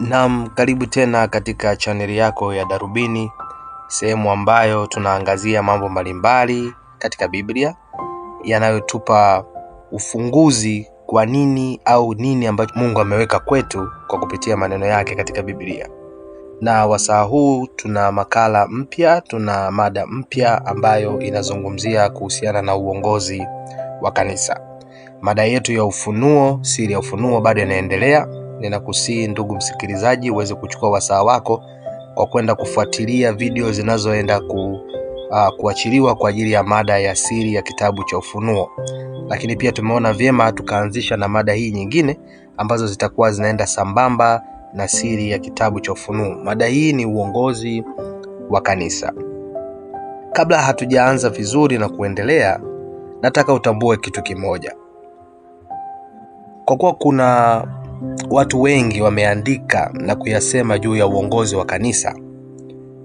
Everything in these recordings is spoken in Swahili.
Naam, karibu tena katika chaneli yako ya Darubini, sehemu ambayo tunaangazia mambo mbalimbali katika Biblia yanayotupa ufunguzi kwa nini au nini ambacho Mungu ameweka kwetu kwa kupitia maneno yake katika Biblia. Na wasaa huu tuna makala mpya, tuna mada mpya ambayo inazungumzia kuhusiana na uongozi wa kanisa. Mada yetu ya ufunuo, siri ya ufunuo bado inaendelea ninakusii ndugu msikilizaji, uweze kuchukua wasaa wako kwa kwenda kufuatilia video zinazoenda ku, uh, kuachiliwa kwa ajili ya mada ya siri ya kitabu cha Ufunuo. Lakini pia tumeona vyema tukaanzisha na mada hii nyingine ambazo zitakuwa zinaenda sambamba na siri ya kitabu cha Ufunuo. Mada hii ni uongozi wa kanisa. Kabla hatujaanza vizuri na kuendelea, nataka utambue kitu kimoja, kwa kuwa kuna Watu wengi wameandika na kuyasema juu ya uongozi wa kanisa,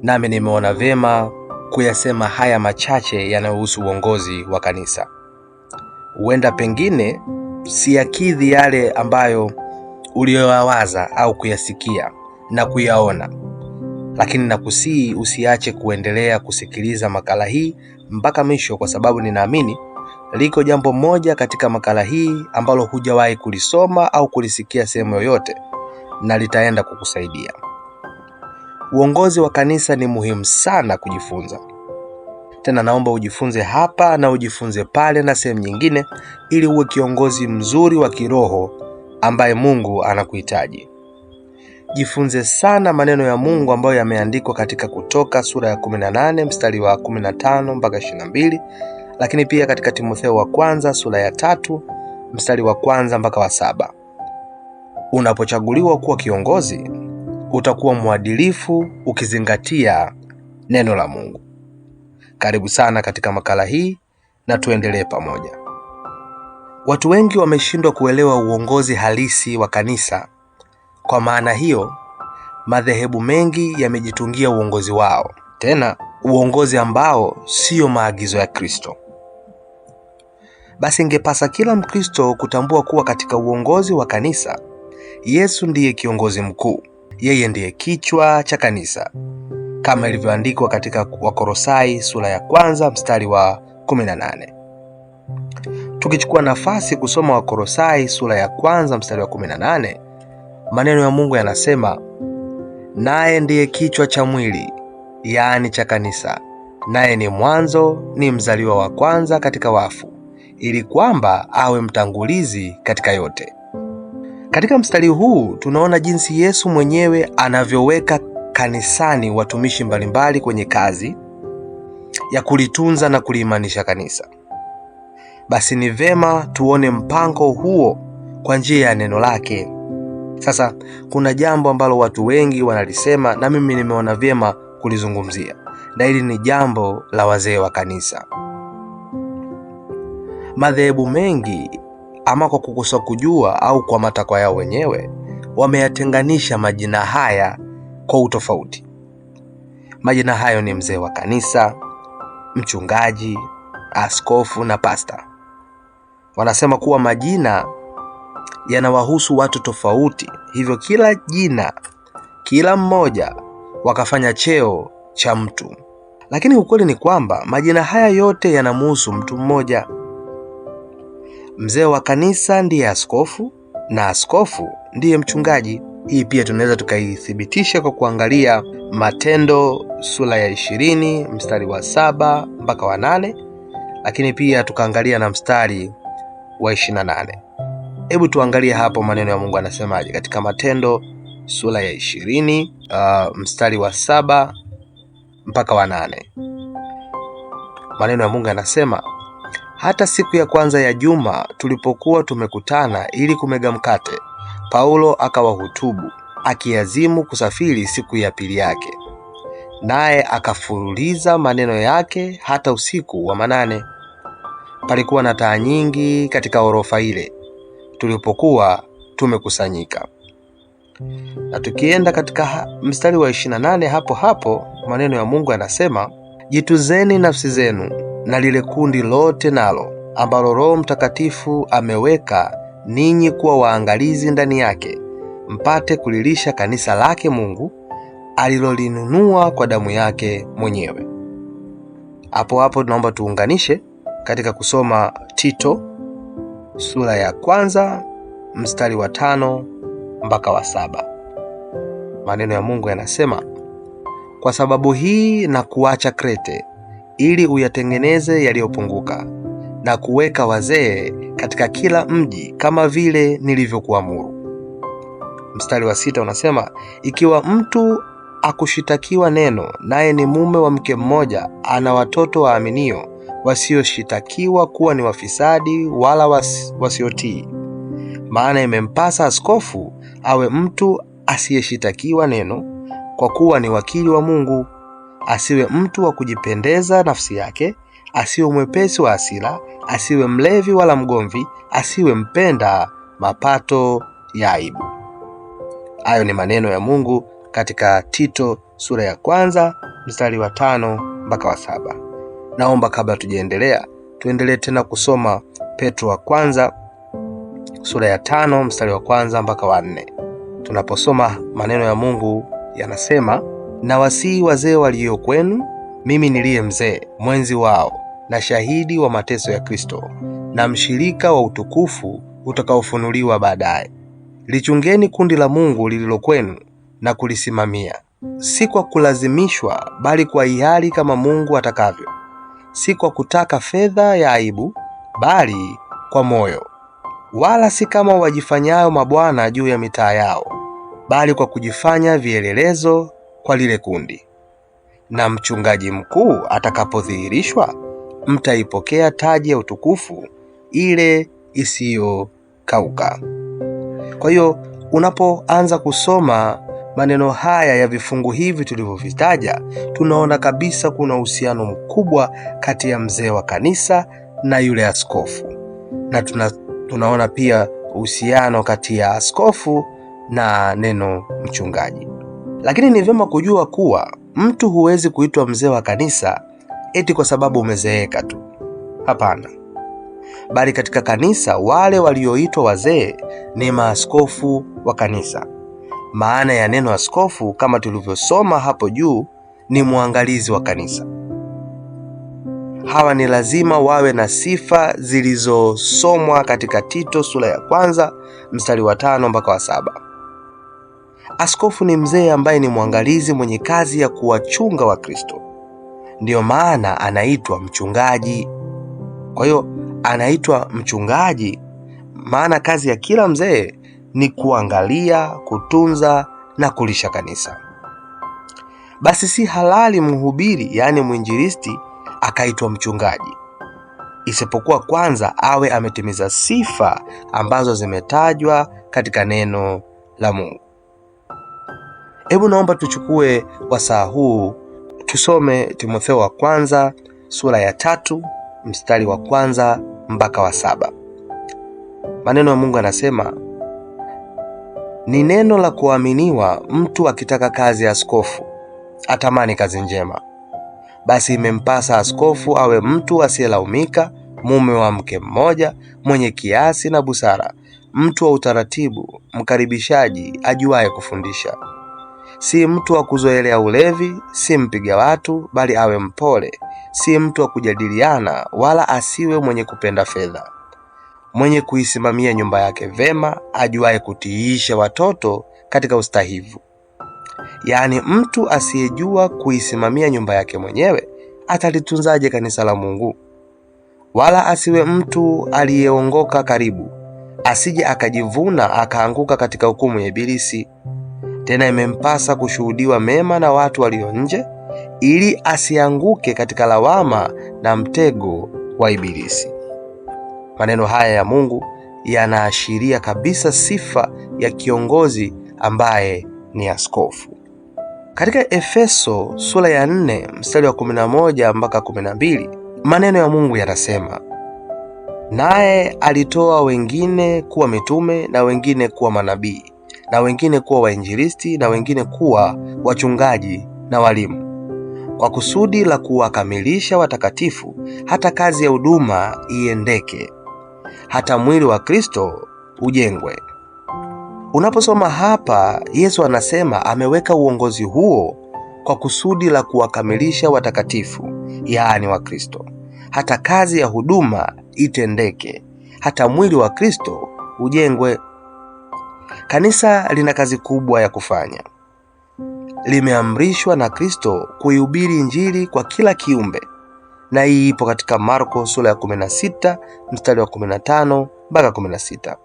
nami nimeona vema kuyasema haya machache yanayohusu uongozi wa kanisa. Huenda pengine siyakidhi yale ambayo uliyoyawaza au kuyasikia na kuyaona, lakini nakusihi usiache kuendelea kusikiliza makala hii mpaka mwisho, kwa sababu ninaamini Liko jambo moja katika makala hii ambalo hujawahi kulisoma au kulisikia sehemu yoyote na litaenda kukusaidia. Uongozi wa kanisa ni muhimu sana kujifunza. Tena naomba ujifunze hapa na ujifunze pale na sehemu nyingine ili uwe kiongozi mzuri wa kiroho ambaye Mungu anakuhitaji. Jifunze sana maneno ya Mungu ambayo yameandikwa katika Kutoka sura ya 18 mstari wa 15 mpaka 22 lakini pia katika Timotheo wa kwanza sura ya tatu mstari wa kwanza mpaka wa saba. Unapochaguliwa kuwa kiongozi, utakuwa mwadilifu ukizingatia neno la Mungu. Karibu sana katika makala hii na tuendelee pamoja. Watu wengi wameshindwa kuelewa uongozi halisi wa kanisa. Kwa maana hiyo, madhehebu mengi yamejitungia uongozi wao, tena uongozi ambao siyo maagizo ya Kristo basi ingepasa kila Mkristo kutambua kuwa katika uongozi wa kanisa Yesu ndiye kiongozi mkuu, yeye ndiye kichwa cha kanisa kama ilivyoandikwa katika Wakorosai sura ya kwanza mstari wa 18. Tukichukua nafasi kusoma Wakorosai sura ya kwanza mstari wa 18, maneno ya Mungu yanasema, naye ndiye kichwa cha mwili, yaani cha kanisa, naye ni mwanzo, ni mzaliwa wa kwanza katika wafu ili kwamba awe mtangulizi katika yote. Katika mstari huu tunaona jinsi Yesu mwenyewe anavyoweka kanisani watumishi mbalimbali kwenye kazi ya kulitunza na kuliimanisha kanisa. Basi ni vema tuone mpango huo kwa njia ya neno lake. Sasa kuna jambo ambalo watu wengi wanalisema na mimi nimeona vyema kulizungumzia, na hili ni jambo la wazee wa kanisa. Madhehebu mengi ama kwa kukosa kujua au kwa matakwa yao wenyewe wameyatenganisha majina haya kwa utofauti. Majina hayo ni mzee wa kanisa, mchungaji, askofu na pasta. Wanasema kuwa majina yanawahusu watu tofauti, hivyo kila jina, kila mmoja wakafanya cheo cha mtu, lakini ukweli ni kwamba majina haya yote yanamuhusu mtu mmoja mzee wa kanisa ndiye askofu na askofu ndiye mchungaji. Hii pia tunaweza tukaithibitisha kwa kuangalia Matendo sura ya ishirini mstari wa saba mpaka wa nane lakini pia tukaangalia na mstari wa ishirini nane. Hebu tuangalie hapo maneno ya Mungu anasemaje katika Matendo sura ya ishirini uh, mstari wa saba mpaka wa nane. Maneno ya Mungu anasema hata siku ya kwanza ya juma tulipokuwa tumekutana ili kumega mkate, Paulo akawahutubu akiazimu kusafiri siku ya pili yake, naye akafuruliza maneno yake hata usiku wa manane. Palikuwa na taa nyingi katika orofa ile tulipokuwa tumekusanyika. Na tukienda katika mstari wa 28 hapo hapo, maneno ya Mungu yanasema, jituzeni nafsi zenu na lile kundi lote nalo ambalo Roho Mtakatifu ameweka ninyi kuwa waangalizi ndani yake, mpate kulilisha kanisa lake Mungu alilolinunua kwa damu yake mwenyewe. Hapo hapo tunaomba tuunganishe katika kusoma Tito sura ya kwanza mstari wa tano mpaka wa saba. Maneno ya Mungu yanasema, kwa sababu hii na kuacha Krete ili uyatengeneze yaliyopunguka na kuweka wazee katika kila mji kama vile nilivyokuamuru. Mstari wa sita unasema, ikiwa mtu akushitakiwa neno, naye ni mume wa mke mmoja, ana watoto waaminio wasioshitakiwa kuwa ni wafisadi wala was, wasiotii, maana imempasa askofu awe mtu asiyeshitakiwa neno, kwa kuwa ni wakili wa Mungu asiwe mtu wa kujipendeza nafsi yake, asiwe mwepesi wa asila, asiwe mlevi wala mgomvi, asiwe mpenda mapato ya aibu. Hayo ni maneno ya Mungu katika Tito sura ya kwanza mstari wa tano mpaka wa saba. Naomba kabla tujaendelea, tuendelee tena kusoma Petro wa kwanza sura ya tano mstari wa kwanza mpaka wa nne. Tunaposoma maneno ya Mungu yanasema na wasii wazee walio kwenu, mimi niliye mzee, mwenzi wao na shahidi wa mateso ya Kristo na mshirika wa utukufu utakaofunuliwa baadaye. Lichungeni kundi la Mungu lililo kwenu na kulisimamia, si kwa kulazimishwa, bali kwa hiari, kama Mungu atakavyo, si kwa kutaka fedha ya aibu, bali kwa moyo, wala si kama wajifanyayo mabwana juu ya mitaa yao, bali kwa kujifanya vielelezo kwa lile kundi, na mchungaji mkuu atakapodhihirishwa, mtaipokea taji ya utukufu ile isiyokauka. Kwa hiyo unapoanza kusoma maneno haya ya vifungu hivi tulivyovitaja, tunaona kabisa kuna uhusiano mkubwa kati ya mzee wa kanisa na yule askofu, na tuna, tunaona pia uhusiano kati ya askofu na neno mchungaji. Lakini ni vyema kujua kuwa mtu huwezi kuitwa mzee wa kanisa eti kwa sababu umezeeka tu. Hapana, bali katika kanisa wale walioitwa wazee ni maaskofu wa kanisa. Maana ya neno askofu kama tulivyosoma hapo juu ni mwangalizi wa kanisa. Hawa ni lazima wawe na sifa zilizosomwa katika Tito sura ya kwanza mstari wa tano mpaka wa saba. Askofu ni mzee ambaye ni mwangalizi mwenye kazi ya kuwachunga Wakristo, ndiyo maana anaitwa mchungaji. Kwa hiyo anaitwa mchungaji maana kazi ya kila mzee ni kuangalia, kutunza na kulisha kanisa. Basi si halali mhubiri, yaani mwinjilisti, akaitwa mchungaji, isipokuwa kwanza awe ametimiza sifa ambazo zimetajwa katika neno la Mungu. Hebu naomba tuchukue wasaa huu tusome Timotheo wa kwanza sura ya tatu mstari wa kwanza mpaka wa saba. Maneno ya Mungu anasema ni neno la kuaminiwa, mtu akitaka kazi ya askofu atamani kazi njema. Basi imempasa askofu awe mtu asiyelaumika, mume wa mke mmoja, mwenye kiasi na busara, mtu wa utaratibu, mkaribishaji, ajuaye kufundisha si mtu wa kuzoelea ulevi, si mpiga watu, bali awe mpole, si mtu wa kujadiliana, wala asiwe mwenye kupenda fedha, mwenye kuisimamia nyumba yake vema, ajuaye kutiisha watoto katika ustahivu. Yaani, mtu asiyejua kuisimamia nyumba yake mwenyewe atalitunzaje kanisa la Mungu? Wala asiwe mtu aliyeongoka karibu, asije akajivuna akaanguka katika hukumu ya Ibilisi. Tena imempasa kushuhudiwa mema na watu walio nje, ili asianguke katika lawama na mtego wa Ibilisi. Maneno haya ya Mungu yanaashiria kabisa sifa ya kiongozi ambaye ni askofu. Katika Efeso sura ya 4 mstari wa 11 mpaka 12, maneno ya Mungu yanasema, naye alitoa wengine kuwa mitume na wengine kuwa manabii na wengine kuwa wainjilisti na wengine kuwa wachungaji na walimu kwa kusudi la kuwakamilisha watakatifu hata kazi ya huduma iendeke hata mwili wa kristo ujengwe unaposoma hapa yesu anasema ameweka uongozi huo kwa kusudi la kuwakamilisha watakatifu yaani wa kristo hata kazi ya huduma itendeke hata mwili wa kristo ujengwe Kanisa lina kazi kubwa ya kufanya. Limeamrishwa na Kristo kuihubiri Injili kwa kila kiumbe, na hii ipo katika Marko sura ya 16 mstari wa 15 mpaka 16.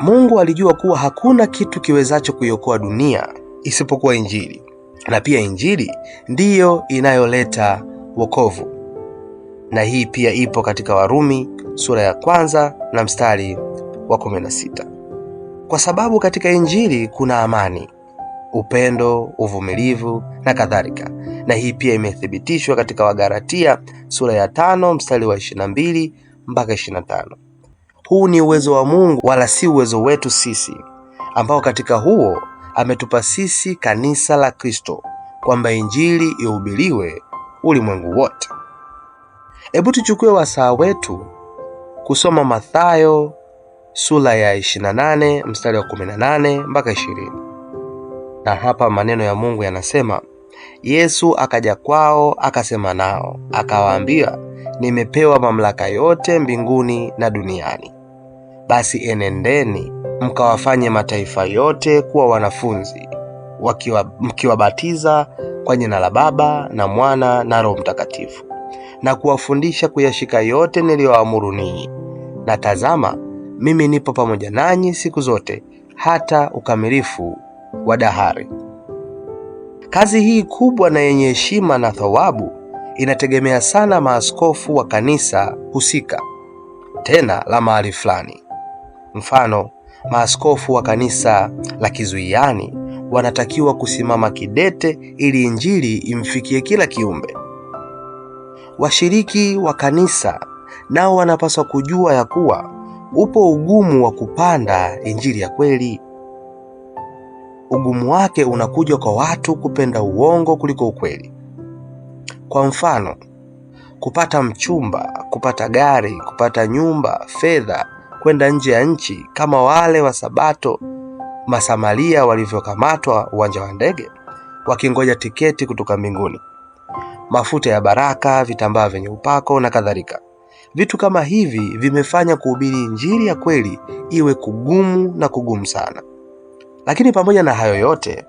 Mungu alijua kuwa hakuna kitu kiwezacho kuiokoa dunia isipokuwa Injili, na pia Injili ndiyo inayoleta wokovu, na hii pia ipo katika Warumi sura ya kwanza na mstari wa 16 kwa sababu katika Injili kuna amani, upendo, uvumilivu na kadhalika. Na hii pia imethibitishwa katika Wagalatia sura ya tano mstari wa 22 mpaka 25. Huu ni uwezo wa Mungu wala si uwezo wetu sisi, ambao katika huo ametupa sisi kanisa la Kristo kwamba injili ihubiriwe ulimwengu wote. Hebu tuchukue wasaa wetu kusoma Mathayo sura ya 28 mstari wa 18 mpaka 20. Na hapa maneno ya Mungu yanasema, Yesu akaja kwao akasema nao akawaambia, nimepewa mamlaka yote mbinguni na duniani. Basi enendeni mkawafanye mataifa yote kuwa wanafunzi wakiwa, mkiwabatiza kwa jina la Baba na Mwana na Roho Mtakatifu na kuwafundisha kuyashika yote niliyoamuru ninyi, na tazama mimi nipo pamoja nanyi siku zote hata ukamilifu wa dahari. Kazi hii kubwa na yenye heshima na thawabu inategemea sana maaskofu wa kanisa husika, tena la mahali fulani. Mfano, maaskofu wa kanisa la Kizuiani wanatakiwa kusimama kidete ili Injili imfikie kila kiumbe. Washiriki wa kanisa nao wanapaswa kujua ya kuwa upo ugumu wa kupanda injili ya kweli. Ugumu wake unakuja kwa watu kupenda uongo kuliko ukweli. Kwa mfano, kupata mchumba, kupata gari, kupata nyumba, fedha, kwenda nje ya nchi, kama wale wa Sabato Masamaria walivyokamatwa uwanja wa ndege wakingoja tiketi kutoka mbinguni, mafuta ya baraka, vitambaa vyenye upako na kadhalika. Vitu kama hivi vimefanya kuhubiri injili ya kweli iwe kugumu na kugumu sana. Lakini pamoja na hayo yote,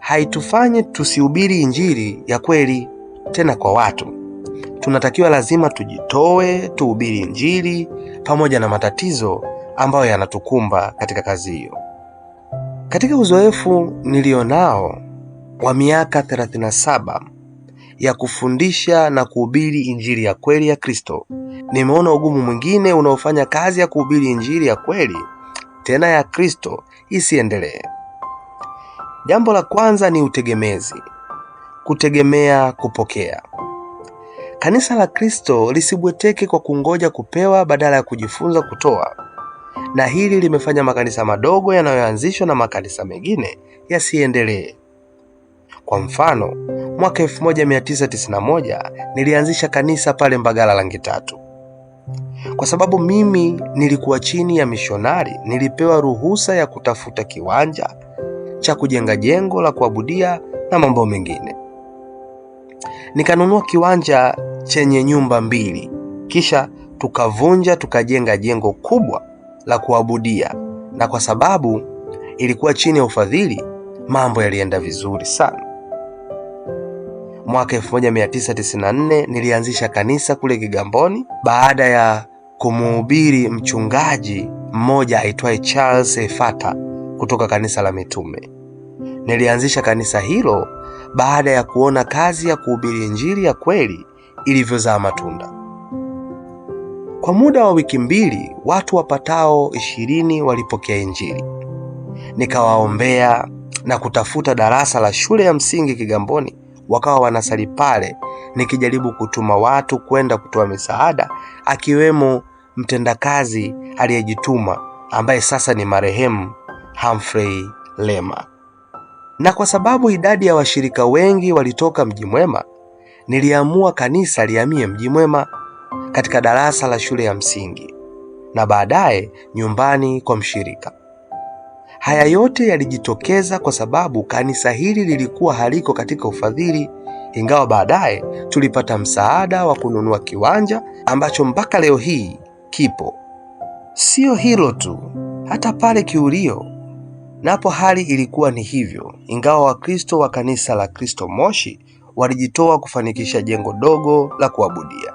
haitufanye tusihubiri injili ya kweli tena kwa watu. Tunatakiwa lazima tujitoe, tuhubiri injili pamoja na matatizo ambayo yanatukumba katika kazi hiyo. Katika uzoefu nilionao wa miaka 37 ya kufundisha na kuhubiri injili ya kweli ya Kristo nimeona ugumu mwingine unaofanya kazi ya kuhubiri Injili ya kweli tena ya Kristo isiendelee. Jambo la kwanza ni utegemezi, kutegemea kupokea. Kanisa la Kristo lisibweteke kwa kungoja kupewa badala ya kujifunza kutoa, na hili limefanya makanisa madogo yanayoanzishwa na makanisa mengine yasiendelee. Kwa mfano, mwaka 1991 nilianzisha kanisa pale Mbagala Langi Tatu. Kwa sababu mimi nilikuwa chini ya mishonari, nilipewa ruhusa ya kutafuta kiwanja cha kujenga jengo la kuabudia na mambo mengine. Nikanunua kiwanja chenye nyumba mbili, kisha tukavunja tukajenga jengo kubwa la kuabudia, na kwa sababu ilikuwa chini ya ufadhili, mambo yalienda vizuri sana. Mwaka 1994 nilianzisha kanisa kule Kigamboni baada ya kumuhubiri mchungaji mmoja aitwaye Charles Efata kutoka kanisa la Mitume. Nilianzisha kanisa hilo baada ya kuona kazi ya kuhubiri injili ya kweli ilivyozaa matunda. Kwa muda wa wiki mbili, watu wapatao ishirini walipokea injili. Nikawaombea na kutafuta darasa la shule ya msingi Kigamboni, wakawa wanasali pale, nikijaribu kutuma watu kwenda kutoa misaada, akiwemo mtendakazi aliyejituma ambaye sasa ni marehemu Humphrey Lema. Na kwa sababu idadi ya washirika wengi walitoka Mji Mwema, niliamua kanisa lihamie Mji Mwema katika darasa la shule ya msingi na baadaye nyumbani kwa mshirika. Haya yote yalijitokeza kwa sababu kanisa hili lilikuwa haliko katika ufadhili, ingawa baadaye tulipata msaada wa kununua kiwanja ambacho mpaka leo hii kipo. Siyo hilo tu, hata pale Kiulio napo hali ilikuwa ni hivyo, ingawa Wakristo wa kanisa la Kristo Moshi walijitoa kufanikisha jengo dogo la kuabudia.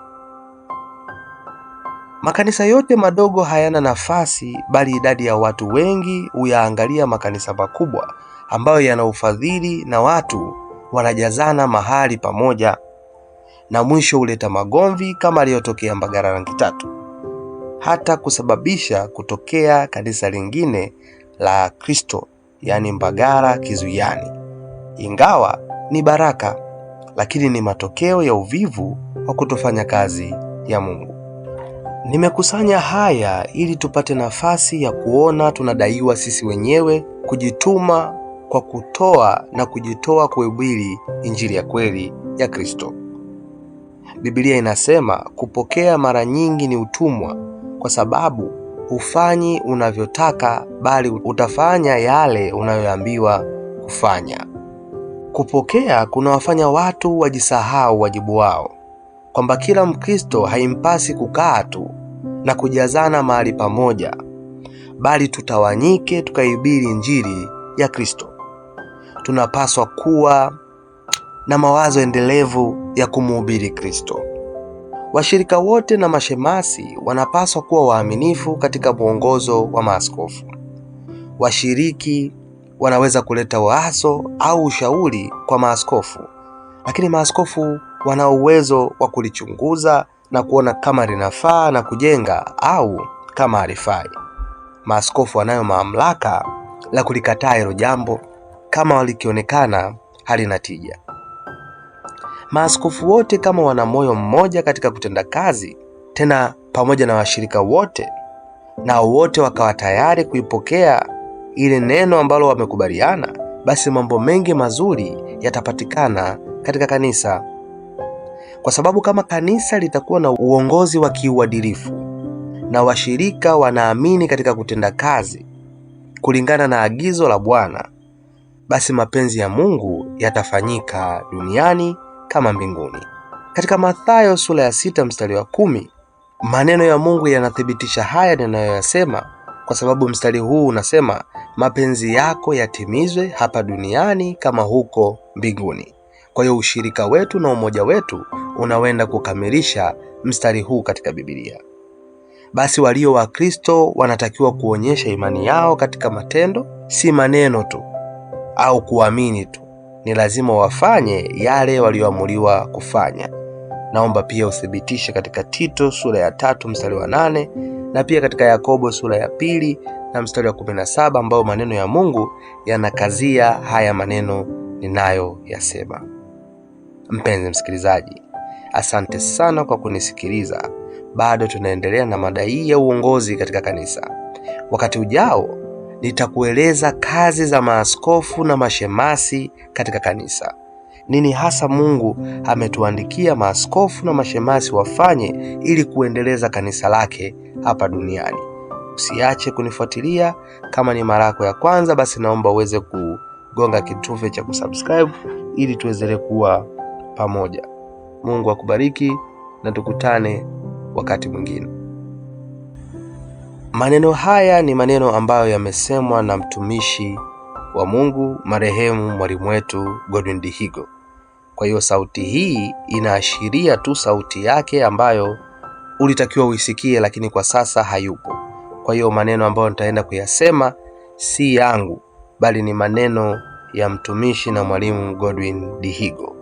Makanisa yote madogo hayana nafasi, bali idadi ya watu wengi huyaangalia makanisa makubwa ambayo yana ufadhili na watu wanajazana mahali pamoja, na mwisho huleta magomvi kama aliyotokea mbagara Rangi Tatu hata kusababisha kutokea kanisa lingine la Kristo yaani mbagara Kizuiani. Ingawa ni baraka, lakini ni matokeo ya uvivu wa kutofanya kazi ya Mungu. Nimekusanya haya ili tupate nafasi ya kuona tunadaiwa sisi wenyewe kujituma kwa kutoa na kujitoa kuhubiri injili ya kweli ya Kristo. Biblia inasema kupokea mara nyingi ni utumwa kwa sababu hufanyi unavyotaka bali utafanya yale unayoambiwa kufanya. Kupokea kunawafanya watu wajisahau wajibu wao, kwamba kila Mkristo haimpasi kukaa tu na kujazana mahali pamoja, bali tutawanyike tukaihubiri Injili ya Kristo. Tunapaswa kuwa na mawazo endelevu ya kumuhubiri Kristo. Washirika wote na mashemasi wanapaswa kuwa waaminifu katika mwongozo wa maaskofu. Washiriki wanaweza kuleta waso au ushauri kwa maaskofu, lakini maaskofu wana uwezo wa kulichunguza na kuona kama linafaa na kujenga au kama halifai. Maaskofu wanayo mamlaka la kulikataa hilo jambo kama likionekana halina tija maaskofu wote kama wana moyo mmoja katika kutenda kazi, tena pamoja na washirika wote, nao wote wakawa tayari kuipokea ile neno ambalo wamekubaliana, basi mambo mengi mazuri yatapatikana katika kanisa, kwa sababu kama kanisa litakuwa na uongozi wa kiuadilifu na washirika wanaamini katika kutenda kazi kulingana na agizo la Bwana, basi mapenzi ya Mungu yatafanyika duniani kama mbinguni. Katika Mathayo sura ya sita mstari wa kumi maneno ya Mungu yanathibitisha haya ninayoyasema, kwa sababu mstari huu unasema, mapenzi yako yatimizwe hapa duniani kama huko mbinguni. Kwa hiyo ushirika wetu na umoja wetu unawenda kukamilisha mstari huu katika Biblia. Basi walio wa Kristo wanatakiwa kuonyesha imani yao katika matendo, si maneno tu au kuamini tu ni lazima wafanye yale walioamuliwa kufanya. Naomba pia uthibitishe katika Tito sura ya tatu mstari wa nane na pia katika Yakobo sura ya pili na mstari wa 17 ambayo maneno ya Mungu yanakazia haya maneno ninayoyasema. Mpenzi msikilizaji, asante sana kwa kunisikiliza. Bado tunaendelea na mada hii ya uongozi katika kanisa. Wakati ujao nitakueleza kazi za maaskofu na mashemasi katika kanisa, nini hasa Mungu ametuandikia maaskofu na mashemasi wafanye ili kuendeleza kanisa lake hapa duniani. Usiache kunifuatilia. Kama ni mara yako ya kwanza, basi naomba uweze kugonga kitufe cha kusubscribe ili tuwezele kuwa pamoja. Mungu akubariki na tukutane wakati mwingine. Maneno haya ni maneno ambayo yamesemwa na mtumishi wa Mungu marehemu mwalimu wetu Godwin Dihigo. Kwa hiyo sauti hii inaashiria tu sauti yake ambayo ulitakiwa uisikie, lakini kwa sasa hayupo. Kwa hiyo maneno ambayo nitaenda kuyasema si yangu, bali ni maneno ya mtumishi na mwalimu Godwin Dihigo.